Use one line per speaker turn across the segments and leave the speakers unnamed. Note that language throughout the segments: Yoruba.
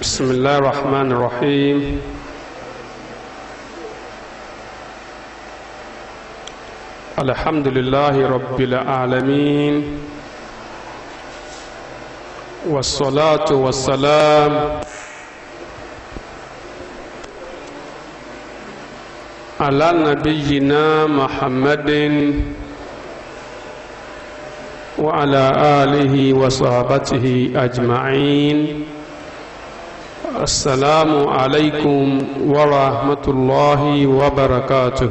بسم الله الرحمن الرحيم الحمد لله رب العالمين والصلاة والسلام على نبينا محمد وعلى آله وصحبته أجمعين السلام عليكم ورحمة الله وبركاته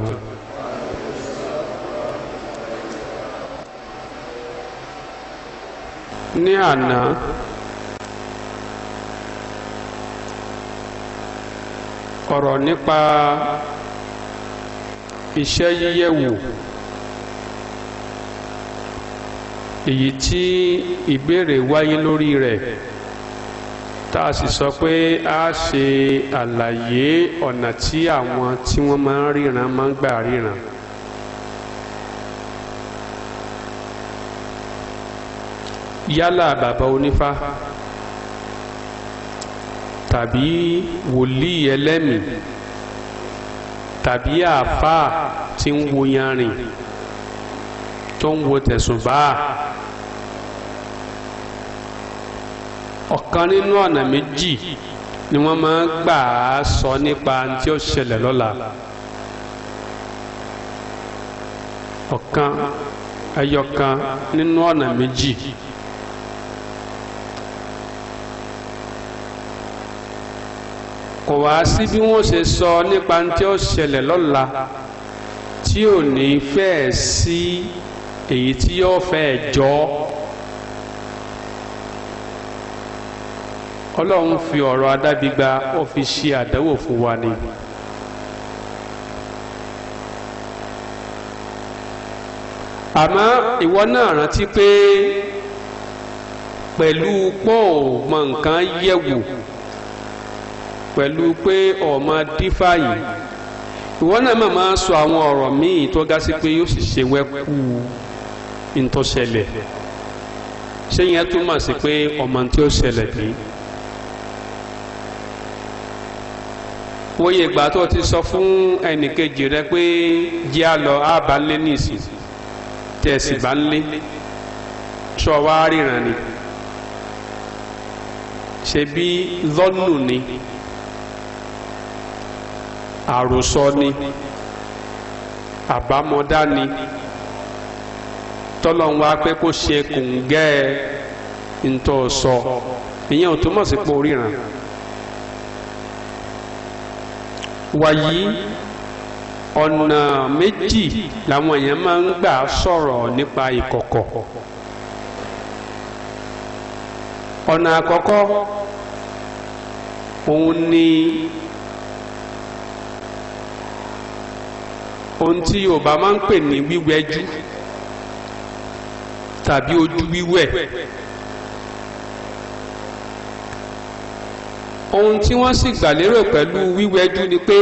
ní àná ọ̀rọ̀ nípa iṣẹ́ yíyẹ̀wò èyí tí ìbéèrè wáyé lórí rẹ̀ tá a sì sọ pé a ṣe àlàyé ọ̀nà tí àwọn tí wọ́n máa ń ríran máa ń gbà ríran. yálà bàbá onífá tàbí wòlíì ẹlẹ́mìí tàbí àáfàá tí ń wo yanrìn tó ń wo tẹ̀sùn báà. ọ̀kan nínú ọ̀nà méjì ni wọ́n máa ń gbà á sọ nípa tí ó ṣẹlẹ̀ lọ́la ọ̀kan ẹyọkan nínú ọ̀nà méjì kò wá sí bí wọ́n ṣe sọ nípa tí ó ṣẹlẹ̀ lọ́la tí ò ní fẹ́ẹ̀ sí èyí tí yóò fẹ́ẹ̀ jọ ọ́. ọlọ́run fi ọ̀rọ̀ adábígba ó fi ṣe àdánwò fún wa ni. àmọ́ ìwọ náà rántí pé pẹ̀lú pọ́ mọ nǹkan yẹ̀wò pẹ̀lú pé ọmọ dífàyè ìwọ náà mà máa sọ àwọn ọ̀rọ̀ míì tó ga sí pé yóò sì ṣe wẹ́kú ntọ́ṣẹlẹ̀ ṣé yẹn túmọ̀ sí pé ọmọ tí ó ṣẹlẹ̀ bíi. wo iye ìgbà tó ti sọ fún ẹnìkejì rẹ pé jẹ́ a lọ àbá ńlé ní ìsìn tẹ̀sí bá ńlé sọ wá ríran ni ṣe bí lọ́nù ni àròsọ ni àbámọ̀dá ni tọ́lọ́n wá pé kó ṣe kòǹgẹ́ ntọ́ sọ
ìyẹn ò túmọ̀ sí pé oríran. So
wàyí ọ̀nà méjì làwọn èèyàn máa ń gbà sọ̀rọ̀ nípa ìkọ̀kọ̀ ọ̀nà àkọ́kọ́ òun ni ohun tí Yorùbá máa ń pè ní wíwẹ́jú tàbí ojú wíwẹ̀. ohun tí wọ́n sì gbàlérò pẹ̀lú wíwẹ́dú ni pé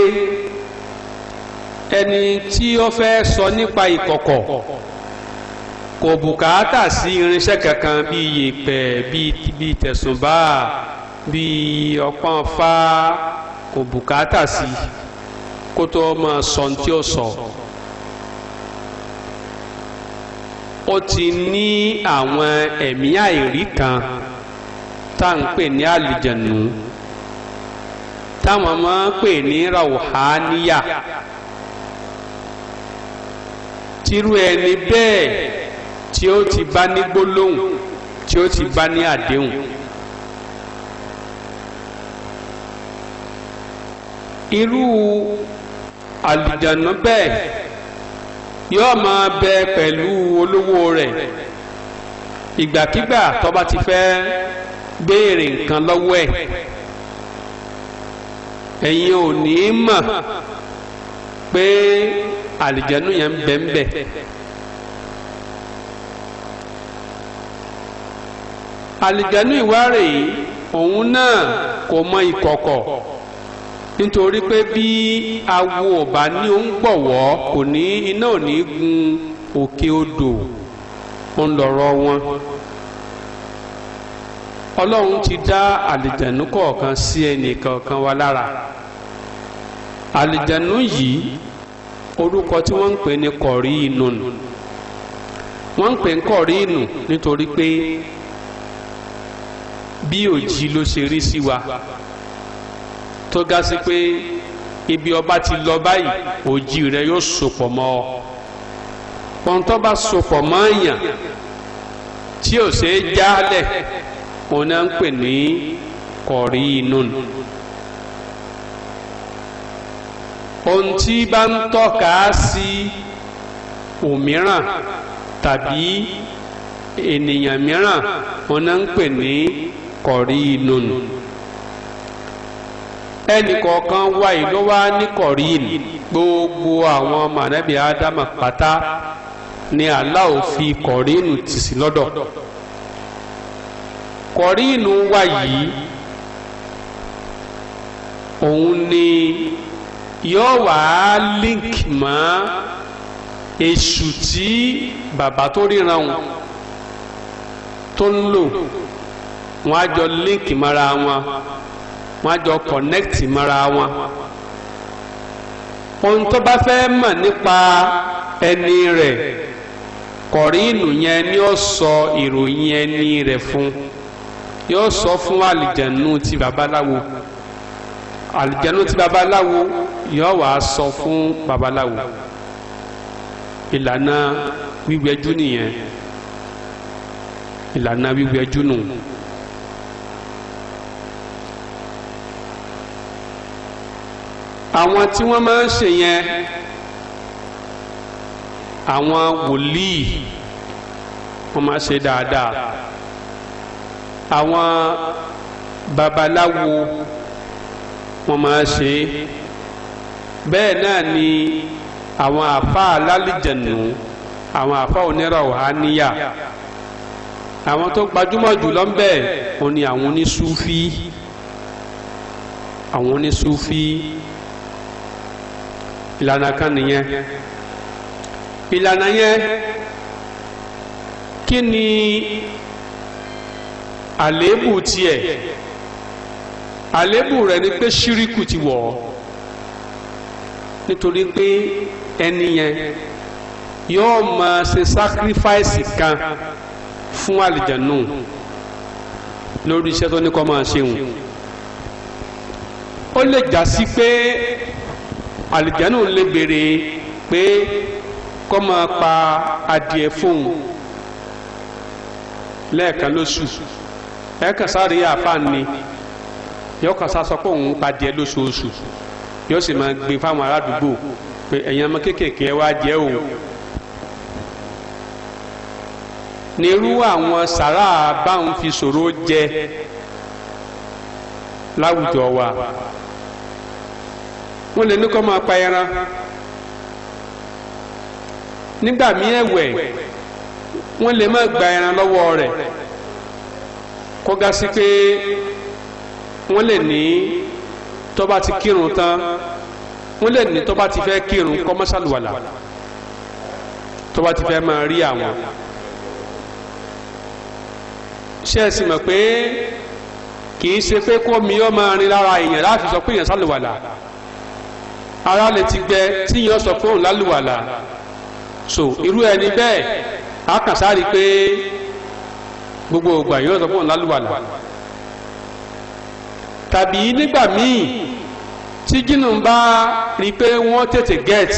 ẹni tí ó fẹ́ sọ nípa ìkọ̀kọ̀ kò bùkátà sí irinṣẹ́ kankan bíi yèèpẹ̀ bíi tẹ̀sùnbà bíi ọpọ́n fá kò bùkátà sí kó tó máa sọ ohun tí ó sọ. ó ti ní àwọn ẹ̀mí àìrí kan tá à ń pè ní àlìjẹ̀nù táwọn máa ń pè ní rauhaniya tírú ẹni bẹ́ẹ̀ tí ó ti bá ní gbólóhùn tí ó ti bá ní àdéhùn. irú àlùjànnú bẹ́ẹ̀ yóò máa bẹ pẹ̀lú olówó rẹ̀ ìgbàkigbà tó bá ti fẹ́ béèrè nǹkan lọ́wọ́ ẹ̀ ẹ̀yin ò ní í mọ̀ pé àlìjẹ́nu yẹn ń bẹ ń bẹ. àlìjẹ́nu ìwárè yìí òun náà kò mọ ìkọ̀kọ̀ nítorí pé bí awo ọba ní ó ń gbọ̀wọ́ kò ní iná ò ní gun òkè odò ń wọn ọlọ́run ti dá àlìjẹ̀nú kọ̀ọ̀kan sí ẹnì kọ̀ọ̀kan wa lára àlìjẹ̀nú yìí orúkọ tí wọ́n ń pè ní kọ̀rí inú nù wọ́n ń pè ń kọ̀rí inú nítorí pé bí òjì ló ṣe rí sí wa tó ga sí pé ibi ọba ti lọ báyìí òjì rẹ yóò sopọ̀ mọ́ ọ pọ̀ńtọ́ bá sopọ̀ mọ́ èèyàn tí ò ṣeé jálẹ̀. òun náà ń pè ní kọ̀rínùn ohun tí bá ń tọ́ka sí òmíràn tàbí ènìyàn mìíràn òun náà ń pè ní kọ̀rínùn ẹnìkọ̀ọ̀kan wa ìlú wa ní kọ̀rín gbogbo àwọn ọmọ ànábì ádámà pátá ni Allah fi kọ̀rínù tì sí lọ́dọ̀. kọ̀rínù wa yìí òun ni yóò wá link mọ́ èṣù tí bàbá tó ríran wọn tó ń lò
wọn á jọ link mọ́ra wọn wọn á jọ connect mọ́ra wọn
ohun tó bá fẹ́ mọ̀ nípa ẹni rẹ̀ kọ̀rínù yẹn ni ó sọ ìròyìn ẹni rẹ̀ fún un. yóò sọ fún àlìjẹ̀nu ti babaláwo àlìjẹ̀nu ti babaláwo yóò wá sọ fún babaláwo ìlànà wíwẹjú nìyẹn ìlànà wíwẹjú nù. àwọn tí wọ́n máa ń ṣe yẹn àwọn wòlíì wọ́n máa ṣe dáadáa àwọn babaláwo wọ́n máa ṣe bẹ́ẹ̀ náà ni àwọn àfáà lálìjẹ̀nù àwọn àfáà oníràwọ̀ á níyà àwọn tó gbajúmọ̀ jùlọ ń bẹ̀ òun ni àwọn onísúfí àwọn onísúfí ìlànà kan nìyẹn ìlànà yẹn kí ni àléébù tiẹ̀ àléébù rẹ̀ ni pé ṣíríkù ti wọ̀ ọ́ nítorí pé ẹni yẹn yóò máa ṣe sacrifice kan fún àlìjànú lórí iṣẹ́ tó ní kó máa ṣeun ó lè já sí pé àlìjànú lè béèrè pé kó máa pa adìẹ fóun lẹ́ẹ̀kan lóṣù ẹ kàn sáré àfáàn ni yóò kàn sá sọ pé òun pa díẹ̀ lóṣooṣù yóò sì máa gbé fáwọn aládùúgbò pé ẹ̀yin ọmọ kéékèèké ẹ wá jẹ́ òun. nírú àwọn sàrà báwọn fi ṣòro jẹ láwùjọ wa wọ́n lè ní kó máa pa ẹran nígbà míì ẹ̀wẹ̀ wọ́n lè má gba ẹran lọ́wọ́ rẹ̀ kó ga sí pé wọ́n lè ní tó bá ti kírun tán wọ́n lè ní tó bá ti fẹ́ kírun kọ́mọ́sálùwàlà tó bá ti fẹ́ máa rí àwọn ṣé ẹ sì mọ̀ pé kì í ṣe pé kó mi ọ́ máa rin lára èèyàn láti sọ pé èèyàn sálùwàlà ara lè ti gbẹ tí èèyàn sọ pé òun lálùwàlà so irú ẹni bẹ́ẹ̀
a kàn sáré pé
gbogbo ògbà yóò sọ fún lálùwàlà tàbí nígbà míì tí jínú bá rí i pé wọ́n tètè get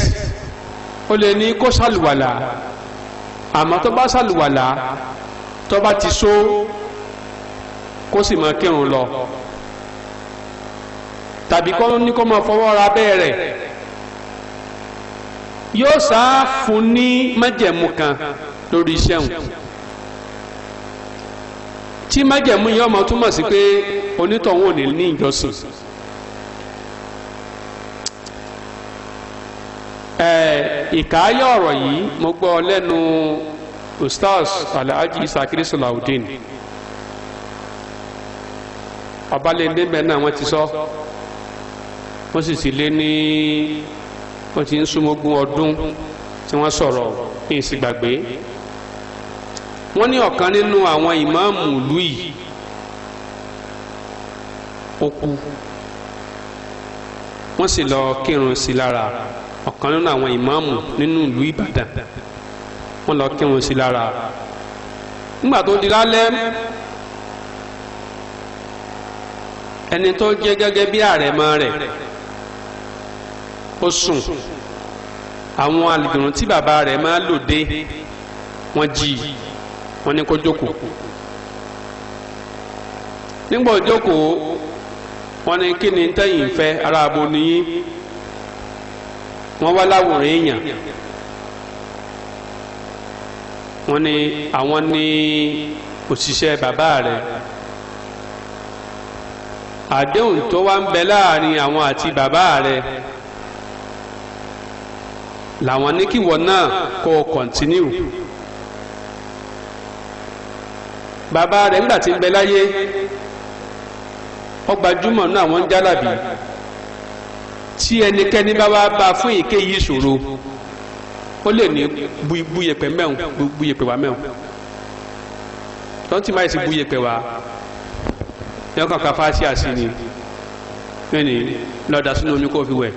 ó lè ní kó ṣàlùwàlà àmọ́ tó bá ṣàlùwàlà tó bá ti só kó sì máa kírun lọ tàbí kọ́ ní kó máa fọwọ́ ra bẹ́ẹ̀ rẹ̀ yóò sá fún ní májẹ̀mú kan lórí iṣẹ́ òun. tí májẹ̀mú yẹn ọmọ túmọ̀ sí pé onítọ̀hún ò ní ní ìjọsìn. ìkáyọ̀ ọ̀rọ̀ yìí mo gbọ́ lẹ́nu ustaz alhaji isakiri sulaudeen ọbalẹ̀ndé bẹ́ẹ̀ náà wọ́n ti sọ wọ́n sì ti lé ní wọ́n ti ń súnmọ́gún ọdún tí wọ́n sọ̀rọ̀ ní ìsìgbàgbé. wọ́n ní ọ̀kan nínú àwọn ìmáàmù ìlú yìí ó kú wọ́n sì lọ kírun sí lára ọ̀kan nínú àwọn ìmáàmù nínú ìlú Ìbàdàn wọ́n lọ kírun sí lára
nígbà tó di lálẹ́
ẹni tó jẹ́ gẹ́gẹ́ bí àrẹ̀mọ rẹ̀ ó sùn àwọn àlùdùnrún tí bàbá rẹ̀ máa lò dé wọ́n jí i. wọ́n ni kó jókòó nígbà jókòó wọn ni kí ni tẹ́yìn fẹ ara àbò nìyí
wọ́n wá láwòrán èèyàn
wọn ni àwọn ni òṣìṣẹ́ bàbá rẹ̀ àdéhùn tó wá ń bẹ láàrin àwọn àti bàbá rẹ̀ làwọn ní kíwọ náà kó o kọ̀ntínú. bàbá rẹ̀ nígbà tí ń bẹ láyé ó gbajúmọ̀ náà wọ́n ń jálàbí tí ẹnikẹ́ni bá wá bá fún èyíkéyìí ìṣòro ó lè ní buyepẹ mẹ́hùn buyepẹ wá mẹ́hùn lọ́ntì máa sì buyepẹ wá yọ kankan fásí àsì ni mẹ́ni lọ́dà sínú omi kó fi wẹ̀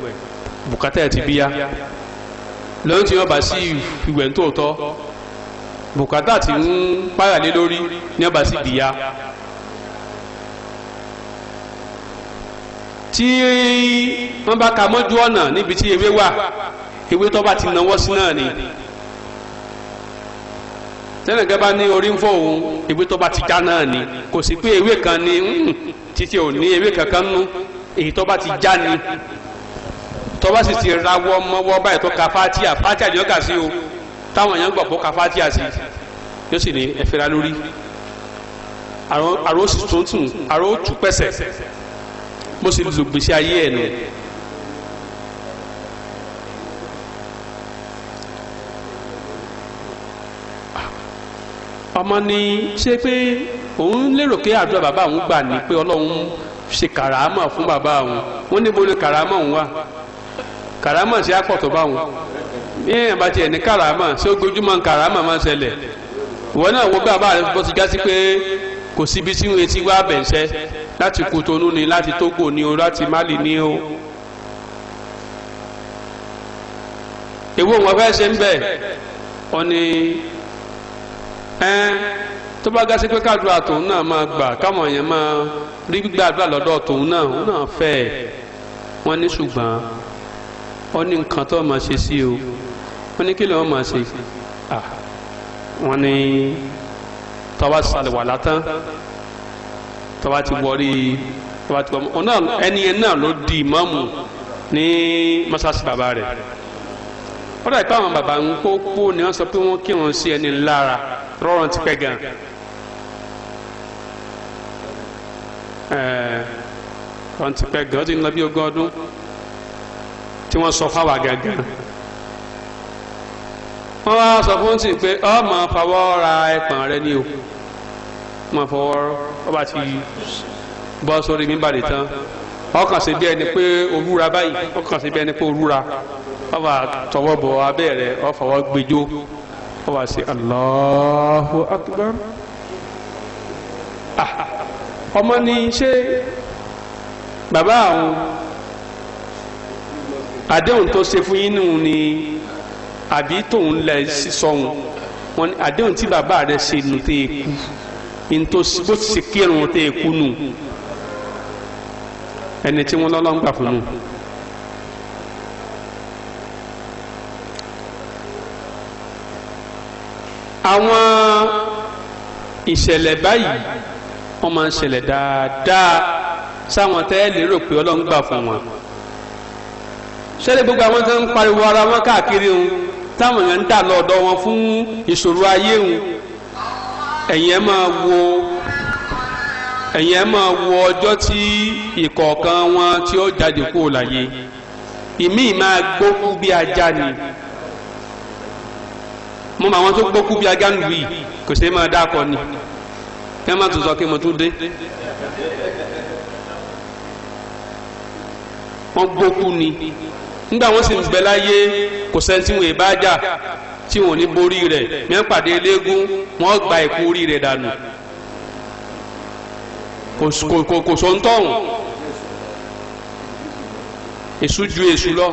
bùkátà ẹ̀ ti bíyá lọ́ntì yọba sí ìwẹ̀ ń tòótọ́ bùkátà tí ń pààyà lé lórí ní ọba sì dìyà tí wọ́n bá ka mọ́jú ọ̀nà níbi tí ewé wà ewé tó bá ti náwó sí náà ni tẹ́nìkan bá ní orí ń fọ́ òun ewé tó bá ti já náà ni kò sí pé ewé kan ni hmm, títí ò ní ewé kankan nú èyí tó bá ti já ni tó bá sì ti rawọ́ mọ́wọ́ báyìí tó ka fátíà fátíà ni ó kà sí o táwọn èèyàn gbà kó ka fatia sí yóò sì ní ẹ̀fẹ́ra lórí àrò sì tuntun àrò tù pẹ́sẹ̀ mo sì lò gbèsè ayé ẹ̀ nù. ọmọ ni ṣé pé òun lérò pé àdúrà bàbá òun gbà ní pé ọlọ́run ṣe kàràmà fún bàbá òun wọ́n níbo ni kàràmà òun wà kàràmà sí àpọ̀tọ̀ bá òun yíyan bá tiẹ̀ ní karama ṣé ojoojúmọ́ karama máa ṣẹlẹ̀ ìwọ náà wo bàbá rẹ bó ti já sí pé kò síbi tí wọn ti wá bẹ̀ṣẹ́ láti Kotonu ni láti Togo ni o láti Mali ni o èwo wọn fẹ́ ṣe ń bẹ̀ ọ ni ẹn tó bá gásí pé kádùá tòun náà máa gbà káwọn èèyàn máa rí gbàdúrà lọ́dọ̀ tòun náà òun náà fẹ́ wọ́n ní ṣùgbọ́n ó ní nǹkan tó máa ṣe sí o wọ́n ní kí ló ń mọ̀ ṣe ah. wọ́n ní tọ́wá ṣàlùwà látán tọ́wá ti wọrí tọ́wá ti wọ́n náà ẹni yẹn náà ló di ìmáàmù ní mọ́ṣáláṣí bàbá rẹ̀ wọ́n dà pé bàbá ń kó kó ni wọ́n sọ pé wọ́n kírun sí ẹni lára rọrùn ti pẹ́ gan. rọrùn ti pẹ́ gan ó ti ń lọ bí ogún ọdún tí wọ́n sọ fáwa gangan wọ́n wá sọ fún tì pé ọmọ fọwọ́ ra ẹ̀pọ̀n rẹ ní o mọ̀ fọwọ́ ọba ti bọ́ sórí mímbàdí tán ọkàn sí bí ẹni pé òwúra báyìí ọkàn sí bí ẹni pé òwúra ọba tọwọ́ bọ̀ abẹ́ ọfọwọ́ gbẹjọ́ ọba sí Allahu Akbar ah, ọmọ ni ṣé bàbá àwọn àdéhùn tó ṣe fún yín nù ni àbí tóun lẹ sọhun wọn àdéhùn tí bàbá rẹ ṣe nù tẹ kú nítòsí bó ti ṣe kírun tẹ kú nù ẹni tí wọn lọ́lọ́ ń gbà fún nù. àwọn ìṣẹ̀lẹ̀ báyìí wọ́n máa ń ṣẹlẹ̀ dáadáa sáwọn tẹ́ lérò pé ọlọ́run gbà fún wọn ṣẹlẹ̀ gbogbo àwọn tó ń pariwo ara wọn káàkiri ń táwọn èèyàn ń dà lọ́dọ̀ wọn fún ìṣòro ayé wọn ẹ̀yin ẹ máa wo ẹ̀yin ẹ máa wo ọjọ́ tí ìkọ̀ọ̀kan wọn tí ó jáde kúrò láyé ìmíì máa gbókú bí ajá ni mo mọ àwọn tó gbókú bí ajá nù yìí kò sí máa dákọ ni kí wọ́n má tún sọ kí mo tún dé wọ́n gbókú ni nígbà wọn sì ń bẹ láyé kò sẹ́ni tí wọn ì bá jà tí wọn ò ní borí rẹ̀ mẹ́rin pàdé eléégún wọn gba ìkú orí rẹ̀ dànù kò sọ ń tọ̀hún èṣù ju èṣù lọ.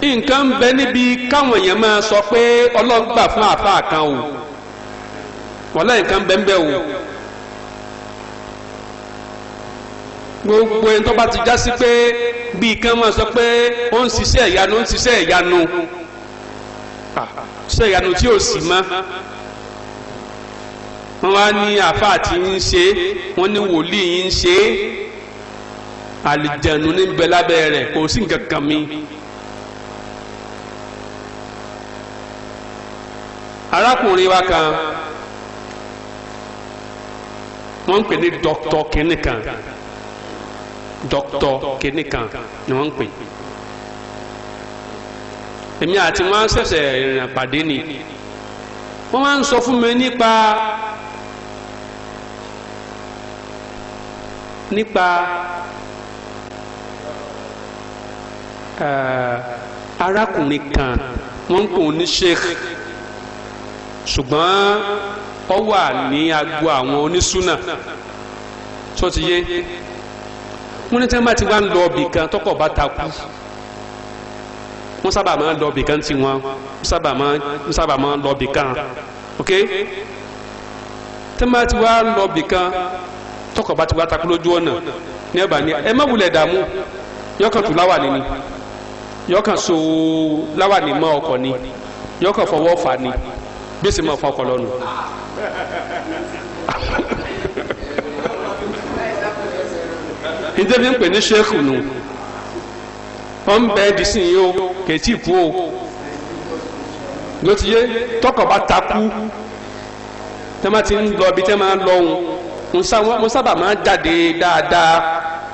nǹkan ń bẹ níbi káwọn èèyàn máa sọ pé ọlọ́gbà fún àáfàá kan o wọ́n lẹ́yìn kan bẹ́ẹ̀ bẹ́ẹ̀
o. gbogbo ẹni tó bá ti já sí pé bíi kan máa sọ pé ó ń ṣiṣẹ́ ìyanu ń ṣiṣẹ́ ìyanu
ah, ah, ṣiṣẹ́ ìyanu tí ò sí mọ́ wọ́n wá ní àáfàá tí ń ṣe wọ́n ní wòlíì yìí ń ṣe é àlìjẹ̀nu ní bẹ lábẹ́ rẹ̀ kò sí nǹkan kan mi. arákùnrin wa kan wọ́n ń pè ní dr kìnìkan. kan
dọ́kítọ̀ kínní kan ni wọ́n ń pè
èmi àti wọn ṣẹ̀ṣẹ̀ ìrìnà pàdé ni wọ́n máa ń sọ fún mi nípa nípa eh, arákùnrin kan wọ́n ń pè ní sheikh ṣùgbọ́n ó wà ní agbo àwọn onísúnà tó ti yé wọ́n ní tí wọ́n bá ti wá ń lọ ọbì kan tọkọ̀ bá ta kú wọ́n sábà máa ń lọ ọbì kan tí wọ́n sábà máa ń lọ ọbì kan ok tí wọ́n bá ti wá ń lọ ọbì kan tọkọ̀ bá ti wá ta lójú ọ̀nà ní ẹ̀bà ni ẹ má wulẹ̀ dààmú
yọkàn tún láwà nínú
yọkàn so láwà ní mọ́ ọkọ̀ ni yọkàn fọwọ́ fà ni bí ó sì máa fọ ọkọ̀ lọ́nu. nítorí ń pè ní sheikh nù wọn ń bẹ ẹdí sìn yìí o kẹtì fún o ló ti yé tọkọ bá takú tẹ má ti ń lọ ibi tẹ má lọ òun mo sábà máa jáde dáadáa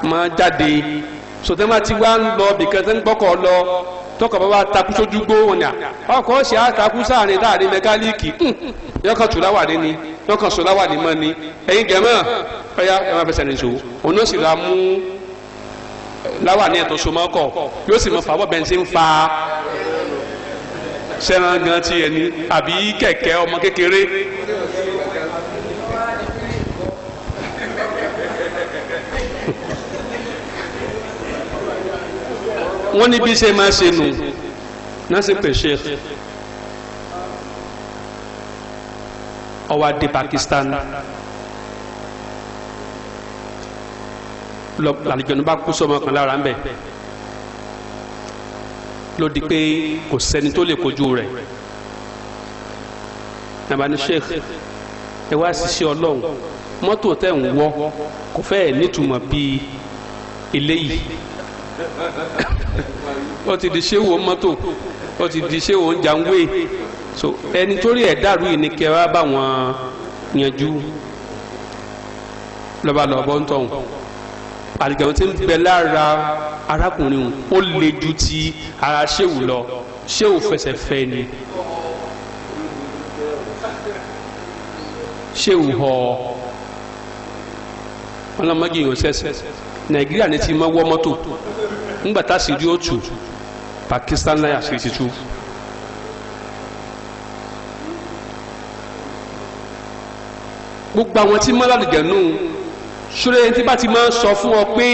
máa jáde sọtẹ́ má ti wá ń lọ bìkan tẹ́ ń gbọ́kọ̀ lọ tọkọ̀ bàbá takú sójú gbó wọn yà ọkọ̀ ṣe àtakú sáàrin láàrin mẹkáníìkì hmm. yọkàn tù láwàdí ni yọkàn sọ láwàdí mọ́ ni ẹ̀yin jẹ̀mọ́ ọ̀yà ẹ̀ fẹsẹ̀ nìṣó òun ó sì ra mú láwàdí ẹ̀ tó so mọ́ yóò sì mọ fàbọ̀ bẹ́ńsì ń fa sẹ́ran gan tiẹ̀ ni àbí kẹ̀kẹ́ ọmọ kékeré wọ́n ní bí ṣe máa ṣe nù
náà sì pè ṣe
Pakistan lálejò ní bá kú sọmọ kan lára ń bẹ
ló di pé kò sẹ́ni tó lè kojú rẹ̀
nàbàní sheikh
ẹ wá ṣiṣẹ́ ọlọ́run
mọ́tò tẹ̀ ń wọ́ kò fẹ́ẹ̀ nítumọ̀ bíi eléyìí ó ti di ṣéwò mọ́tò ó ti di ṣéwò jàǹwé so ẹni torí ẹ̀ dàrú yìí ni kẹ́ wá bá wọn yanjú lọ́ba lọ́bọ́ ń tọ̀hún àlìgbàwọn tí ń bẹ lára arákùnrin ó le ju ti ara ṣéwù lọ ṣéwù fẹsẹ̀ ni ṣéwù họ ọlọ́mọge yìí Nàìjíríà ni ti mọ́ wọ́ mọ́tò ńgbà tá a sì rí ó Pakistan láyé àṣírí ti tú. gbogbo àwọn tí mọ́lá lìgànnù ṣúlẹ̀ yẹn tí bá ti máa ń sọ fún ọ pé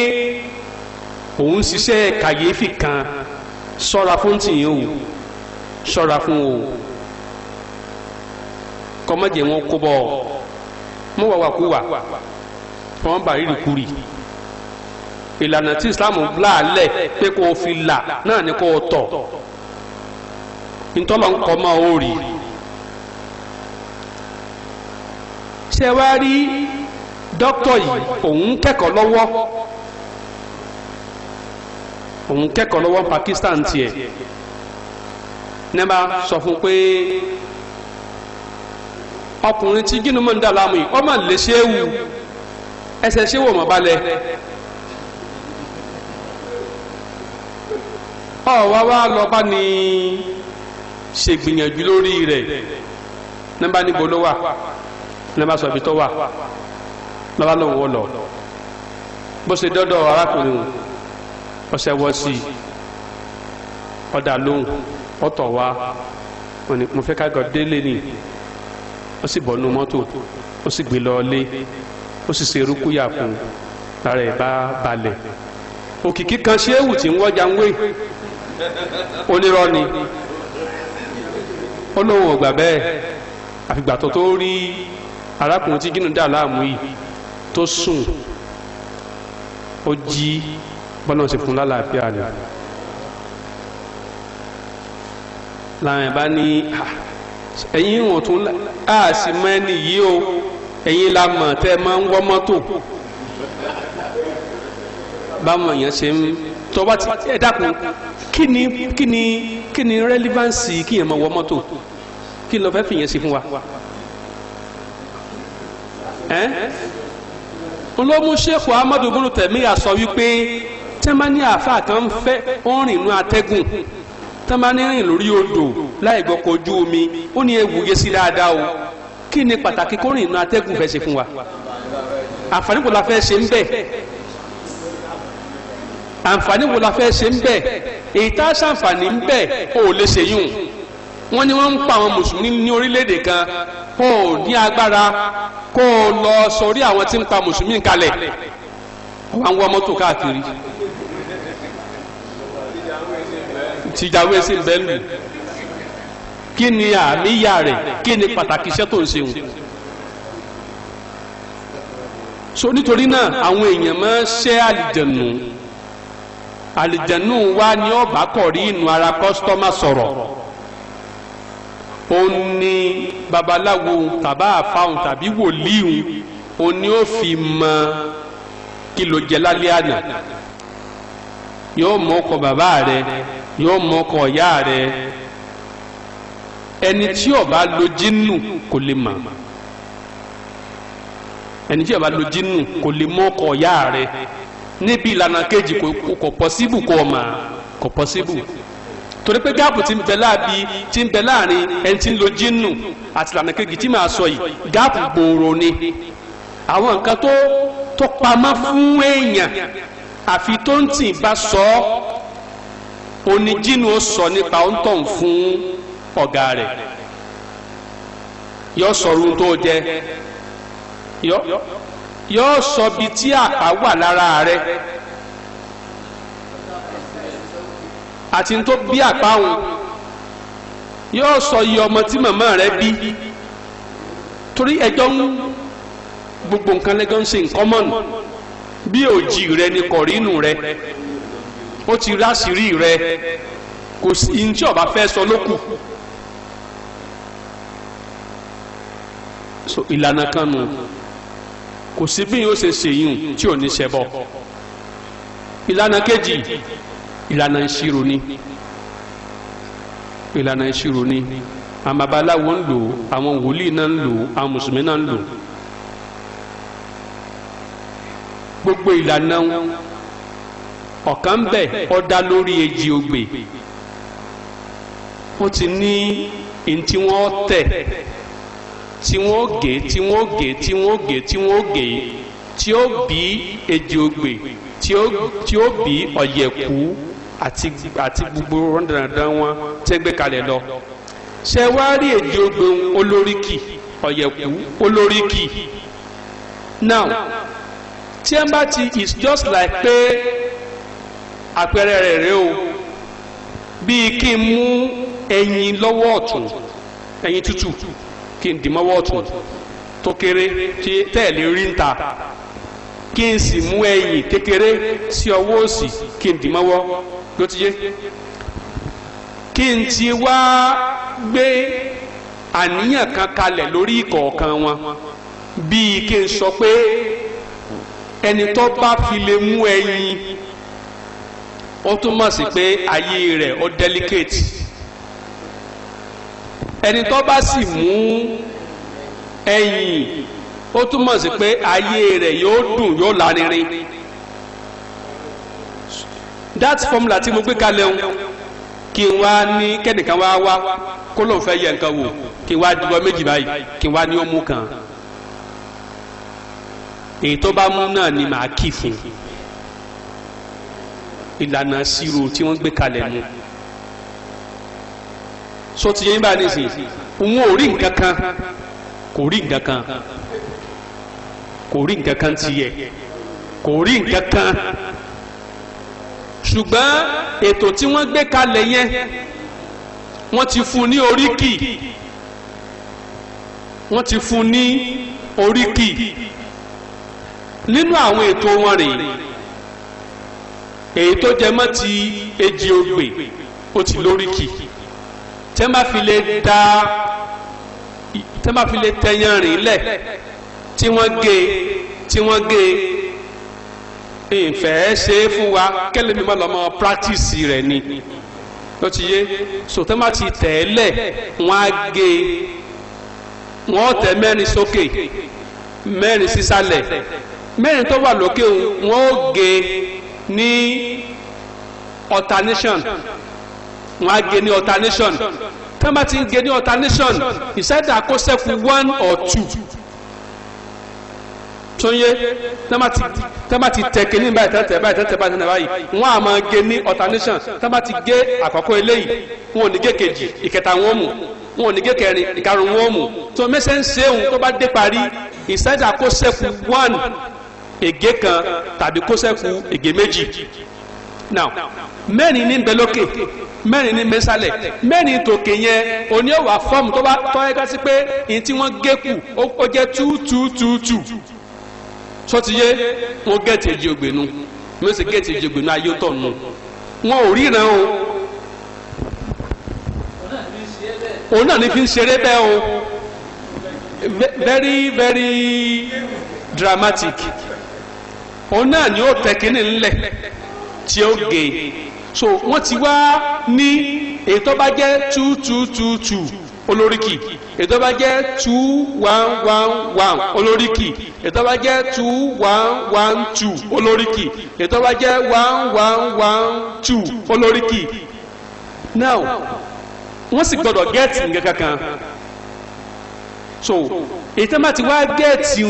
òun ṣiṣẹ́ kàyéfì kan ṣọ́ra fún tìyẹn o ṣọ́ra fún o kọ́mọ́jẹ̀ wọn kó bọ́ ọ mọ́ wàwàkúwà wọ́n bá rírì kúrì ìlànà tí islam láàlẹ̀ pé kó o fi là náà ni kó o tọ̀ ntọ́lọ̀ ń kọ́ mọ́ o rì ṣe wá rí dókítọ̀ yìí òun kẹ́kọ̀ọ́ lọ́wọ́ òun kẹ́kọ̀ọ́ lọ́wọ́ Pakistan tiẹ̀ nẹ́ẹ̀ma sọ fún pé ọkùnrin tí gínú mọ́ ń dà láàmú yìí ọmọ lè ṣe é wù ẹsẹ̀ ṣé wò mọ́ balẹ̀. ọ̀wá wa lọ bá ní ṣègbìyànjú lórí rẹ̀ nígbà níbo ló wà
nígbà sọ ibi tó wà
lọ́ba lòun wọ́ lọ bó ṣe dọ́dọ̀ arákùnrin ọ̀sẹ̀ wọ́ sí
i
ọ̀dà lóhùn ọ̀tọ̀ wa mo fẹ́ ká gọ̀ délé ni ó sì bọ̀ nu mọ́tò ó sì gbé lọ lé ó sì ṣe rúkúyà fún un lára ẹ̀ bá balẹ̀ òkìkí kan ṣéwù tí ń wọ́jà ń wé
onírọ́ ni ó lóun ò gbà bẹ́ẹ̀ àfìgbà tó tó rí
arákùnrin tí gínú dà láàmú yìí tó sùn ó jí bọ́nà sì fún lálàáfíà rẹ̀ làwọn ẹ̀bá ní ẹ̀yìn ìwọ̀n tún láàsì mọ́ yìí o ẹ̀yìn la tẹ́ máa ń wọ́ mọ́tò báwọn èèyàn ṣe ń tọ́ba ti ẹ dákun kí ni kí ni kí ni rẹ́lívánsì kí yẹn máa wọ mọ́tò kí ló fẹ́ fìyẹn sí fún wa ẹ́ olómú sheikh ahmadu bunu tẹ̀míyà sọ wípé tẹ́mání àáfàá kan fẹ́ ó ń rìn inú atẹ́gùn tẹ́mání rìn lórí odò láì gbọ́kọ̀ ojú omi ó ní ewu yé sí dáadáa o kí ni pàtàkì kó rìn inú atẹ́gùn fẹ́ ṣe fún wa àǹfààní kò la fẹ́ ṣe ń bẹ̀ àǹfààní wo la fẹ́ ṣe ń bẹ̀ èyí tá a ṣàǹfààní ń bẹ̀ ó lè ṣe yùn wọ́n ní wọ́n ń pa àwọn mùsùlùmí ní orílẹ̀-èdè kan
kó o ní agbára kó o
lọ sọrí àwọn tí ń pa mùsùlùmí kalẹ̀
wọ́n ń wọ mọ́tò káàkiri
tìjàwé sí bẹ́ẹ̀ lù kí ni àmìyá rẹ̀ kí ni pàtàkì iṣẹ́ tó ń ṣe wọn. so nítorí náà àwọn èèyàn máa ń ṣẹ́ àlìjẹ̀nù àlìjẹ̀nù wa ni ó bá kọ̀ rí inú ara kọ́sítọ́mà sọ̀rọ̀ ó ní babaláwo tàbá àfáhùn tàbí wòlíhùn ó ní ó fi mọ kí ló jẹ lálẹ́ àná yóò mọ ọkọ bàbá rẹ yóò mọ ọkọ ìyá rẹ ẹni tí ó bá lo jinnu kò lè mọ̀ ẹni tí ó bá lo jinnu kò lè mọ ọkọ ìyá rẹ níbi ìlànà kejì kò pọ́síbù kò mà kò pọ́síbù torí pé gáàpù ti ń bẹ láàbí ti ń bẹ láàrin ẹni tí ń lo jínnù àti ìlànà kejì tí màá sọ yìí gáàpù gbòòrò ni àwọn nǹkan tó tó pamọ́ fún èèyàn àfi tó ń tì bá sọ ọ́ oníjínú ó sọ nípa ó ń tọ̀ fún ọ̀gá rẹ̀ yọ sọ̀rọ̀ tó jẹ yọ yóò sọ bí tí àpá wà lára rẹ àti tó bí àpá òun yóò sọ iye ọmọ tí màmá rẹ bí torí ẹjọ́ ń gbogbo nǹkan lẹ́gọ́ ń ṣe nǹkan mọ́nù bí òjì rẹ ni kọ̀rínù rẹ ó ti ráṣìírí rẹ kò sí ní tí ọba fẹ́ sọ ló kù. ìlànà kan nù kò sí bí yóò ṣe ṣèyún tí ò ní ṣẹbọ ìlànà kejì ìlànà ìṣirò ni ìlànà ìṣirò ni àwọn babaláwo ń lò àwọn wòlíì náà ń lò àwọn mùsùlùmí náà ń lò gbogbo ìlànà ọ̀kan bẹ̀ ó lórí èjì ogbè wọ́n ti ní ntí wọ́n tẹ̀ tí wọ́n ó gé tí wọ́n ó gé tí wọ́n ó gé tí wọ́n ó gé tí ó bí èjì ògbè tí ó bí ọ̀yẹ̀kú àti gbogbo rọ́ndàndàn wọn tẹ́gbẹ́ kalẹ̀ lọ ṣe wá rí èjì ògbè olóríkì ọ̀yẹ̀kú olóríkì now tí ẹ bá ti is just like pé àpẹẹrẹ rẹ̀ rẹ̀ o bíi kí n mú ẹyin lọ́wọ́ ọ̀tún ẹyin tútù kí n dì mọ́wọ́ ọ̀tún tó kéré tí tẹ́ẹ̀lé rí ń ta kí n sì mú ẹ̀yìn kékeré sí ọwọ́ òsì kí n dì mọ́wọ́ ló ti yé kí n ti wá gbé àníyàn kan kalẹ̀ lórí ìkọ̀ọ̀kan wọn bíi kí n sọ pé ẹni tó bá fi lè mú ẹ̀yìn ó túmọ̀ sí pé ayé rẹ̀ ó delicate ẹni tó bá sì mú ẹyìn ó túmọ̀ sí pé ayé rẹ̀ yóò dùn yóò lárinrin that formula tí mo gbé kalẹ̀ ń kí n wá ní kẹ́nìkan wá wá kó lóun fẹ́ yẹ nǹkan wò kí n wá dúró méjì báyìí kí n wá ní ó kan èyí tó bá mú náà ni màá kì fún ìlànà sírò tí wọ́n gbé kalẹ̀ mu so ti yẹn bá a nísìn òun ò rí nǹkan kan kò rí nǹkan kan kò rí nǹkan kan ti yẹ kò rí nǹkan kan ṣùgbọ́n ètò tí wọ́n gbé kalẹ̀ yẹn wọ́n ti fún ní oríkì wọ́n ti fún ní oríkì nínú àwọn ètò wọn rèé èyí tó jẹ mọ́ ti èjì ó ti lóríkì tẹ́ má fi lè da tẹ́ má fi lè tẹyàn rìn lẹ̀ tí wọ́n gé tí wọ́n gé ìfẹ́ ṣe é fún wa kẹ́lẹ́ mi má lọ́mọ practice rẹ̀ ni ló ti yé sòtẹ́ má ti tẹ̀ ẹ́ lẹ̀ á gé wọ́n tẹ̀ mẹ́rin sókè mẹ́rin sísàlẹ̀ mẹ́rin tó wà lókè wọ́n ó gé ní alternation. alternation wọ́n á gé alternation
tí
wọ́n bá ti ń gé ní alternation ìṣẹ́dá kó one or two tóyé tí wọ́n bá ti tẹ̀ kéní báyìí tẹ́tẹ̀ báyìí tẹ́tẹ̀ báyìí tẹ́tẹ̀ báyìí wọ́n á máa gé alternation tí wọ́n bá ti gé àkọ́kọ́ eléyìí wọn ò ní gé kejì ìkẹta wọn mú wọn ò ní gé kẹrin ìkarùn wọn mú tó mẹsẹ̀ ń ṣe òun tó bá dé parí ìṣẹ́dá kó one ègé kan tàbí kó sẹ́kù méjì now mẹ́rin ní bẹ lókè mẹ́rin ní bẹ sálẹ̀ mẹ́rin tòkè yẹn òní ò wá fọ́ọ̀mù tó bá tọ́ ẹ ká sí pé ní tí wọ́n gé kù ó jẹ́ two two two two sọtiyé wọn gẹ̀ẹ́tì èjì ògbénu wọn sì èjì ògbénu ayé tọ̀ nù wọn ò ríran o òun náà ní fi ń ṣeré bẹ́ẹ̀ o very very dramatic òun náà ni ó tẹ̀ ńlẹ̀ tí ó gé so wọ́n ti wá ní èyí bá jẹ́ two two two two olóríkì èyí bá jẹ́ two one one one olóríkì èyí bá jẹ́ two one one two olóríkì èyí bá jẹ́ one one one two olóríkì now wọ́n sì gbọ́dọ̀ gẹ́ẹ̀tì nǹkan kankan so èyí tó bá ti wá gẹ́ẹ̀tì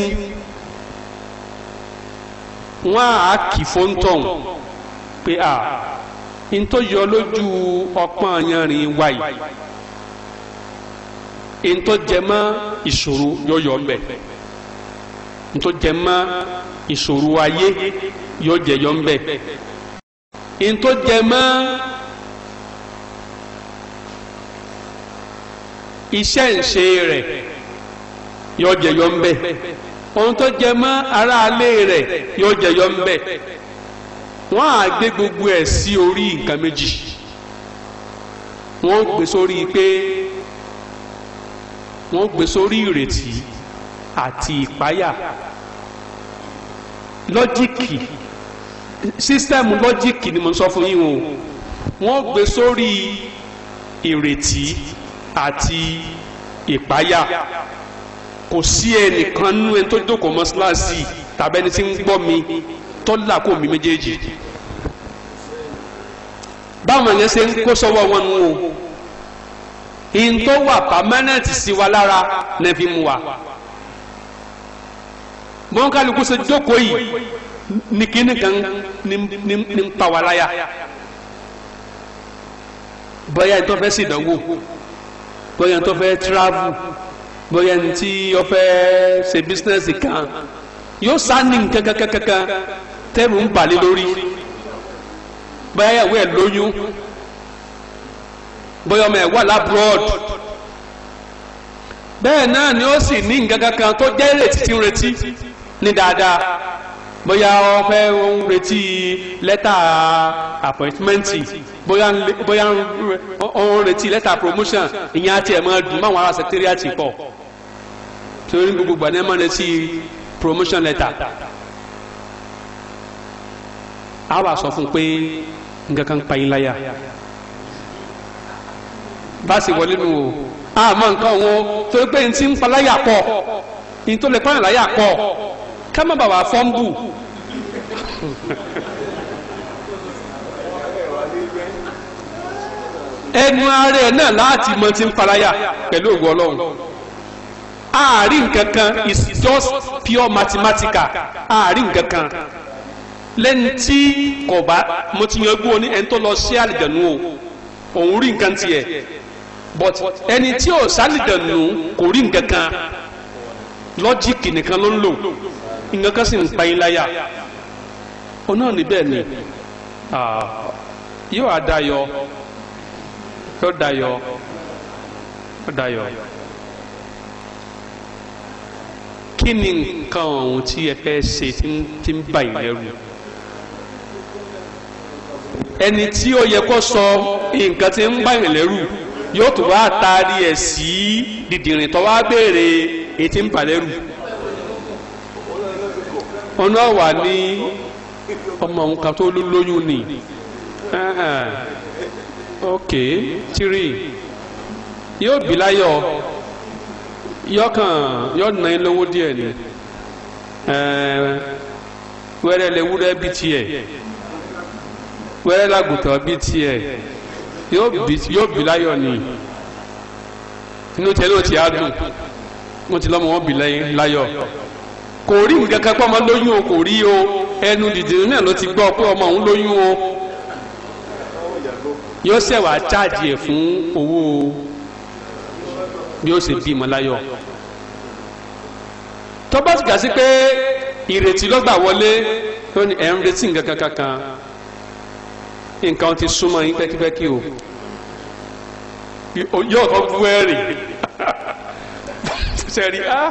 wọn á kì fóńtọ̀hún pé à n tó yọ lójú ọpọ́n yanrìn wa yìí n tó jẹ mọ́ ìṣòro yóò yọ mbẹ n tó jẹ mọ́ ìṣòro ayé yóò yọ mbẹ n tó jẹ mọ́. iṣẹ́ ìṣe rẹ̀ yóò jẹyọ ń ohun tó jẹ mọ́ aráalé rẹ̀ yóò jẹyọ ń wọ́n á gbé gbogbo ẹ̀ sí orí nǹkan méjì wọ́n gbé sórí pé wọ́n gbé sórí ìrètí àti ìpáyà lọ́jíìkì sísítẹ́ẹ̀mù lọ́jíìkì ni mo sọ fún yín o wọ́n gbé sórí ìrètí àti ìpáyà kò sí ẹnìkan nínú ẹni tó jókòó mọ́ tàbí ẹni tí ń gbọ́ mi tọ́lá kò mí méjèèjì báwọn yẹn ṣe ń kó sọ́wọ́ wọn nù o ìntọ́ wà pàmẹ́nẹ́ǹtì sí wa lára nẹ́bí mu wa mọ́nkálukú ṣe jókòó yìí ní kíní kan ní ń pa wá láyà bóyá ìtọ́ fẹ́ ṣèdánwò bóyá ìtọ́ fẹ́ tíráàbù bóyá ìtí ọ fẹ́ ṣe bísínẹ́sì kan yóò sá ní nǹkan kankan kankan tẹ́rù ń balẹ̀ lórí bóyá ìyàwó ẹ̀ lóyún bóyá ọmọ ẹ̀ wà lábúrọ́d bẹ́ẹ̀ náà ni ó sì ní nǹkan kankan tó jẹ́ ìrètí tí ń retí ní dáadáa bóyá ó fẹ́ ń retí lẹ́tà àpọ́ìntímẹ́ǹtì bóyá ó ń retí lẹ́tà promotion ìyẹn àti ẹ̀ máa dùn máwọn ará sẹkítẹ́rìàtì pọ̀ torí gbogbo gbàdé máa retí promotion letter a wà sọ fún pé nǹkan kan pa yín láyà bá a sì wọlé nu o àmọ́ nǹkan wọn torí pé n ti ń pa láyà pọ̀ n tó lè pààyàn láyà pọ̀ ká má bàa wà fọ́ńbù.
ẹnu ara ẹ náà láti mọ ti ń paraya
pẹ̀lú ògùn ọlọ́run
ààrin nǹkan is just pure mathematical ààrin nǹkan
lẹ́ni tí kò bá mo ti yanjú o ní ẹni tó lọ sí àlìjẹ̀nu o òun rí nǹkan tiẹ̀ but ẹni tí ò sálìjẹ̀nu kò rí nǹkan kan lọ́jíìkì nìkan ló ń lò nǹkan kan sì ń pa yín láyà
ó náà níbẹ̀ ni
yóò adayọ yóò dayọ yóò dayọ kí ni nǹkan ọ̀hún tí ẹ fẹ́ ṣe tí ń bà yín lẹ́rù. ẹni tí ó yẹ kó sọ nǹkan ti ń báyìí lẹ́rù yóò tún wá taari ẹ̀ sí dìdìrìn tó wá béèrè ètí ń bà ọ̀nà wà ní ọmọ nǹkan tó lóyún ni ok tiri yóò bí láyọ̀ kàn nà ẹ lówó díẹ̀ ni wẹ́rẹ́ lè bí tiẹ̀. wẹ́rẹ́ làgùtàn bíi tiẹ̀ yóò bí láyọ̀ ni inú tiẹ̀ ló ti á dùn wọ́n ti lọ́mọ wọn bí láyọ̀ kò rí nǹkan kan pọ́ ọmọ lóyún o kò rí o ẹnu dìde náà ló ti gbọ́ pé ọmọ òun lóyún o
yóò ṣẹ̀wá cháàjì ẹ̀
fún owó bí ó ṣe bímọ láyọ̀ tọ́ba ti gà sí pé ìrètí lọ́gbà wọlé ẹ̀ ń retí nǹkan kankan nǹkan ti súnmọ́ yín pẹ́kípẹ́kí o yóò kọ́ bú ẹ̀rì sẹ́rí á ah,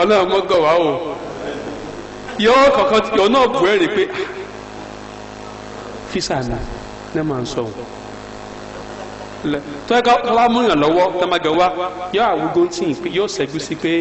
ọlọ́run mọ́gọ̀ wá o yóò kọ̀kan yọ náà bú ẹ̀rì pé ah, físà mi ní màá sọ o tó ẹ kọ́ lámúyàn lọ́wọ́ tẹ́mágẹ́ yóò àwùgọ́ yóò ṣẹ́gun sí pé.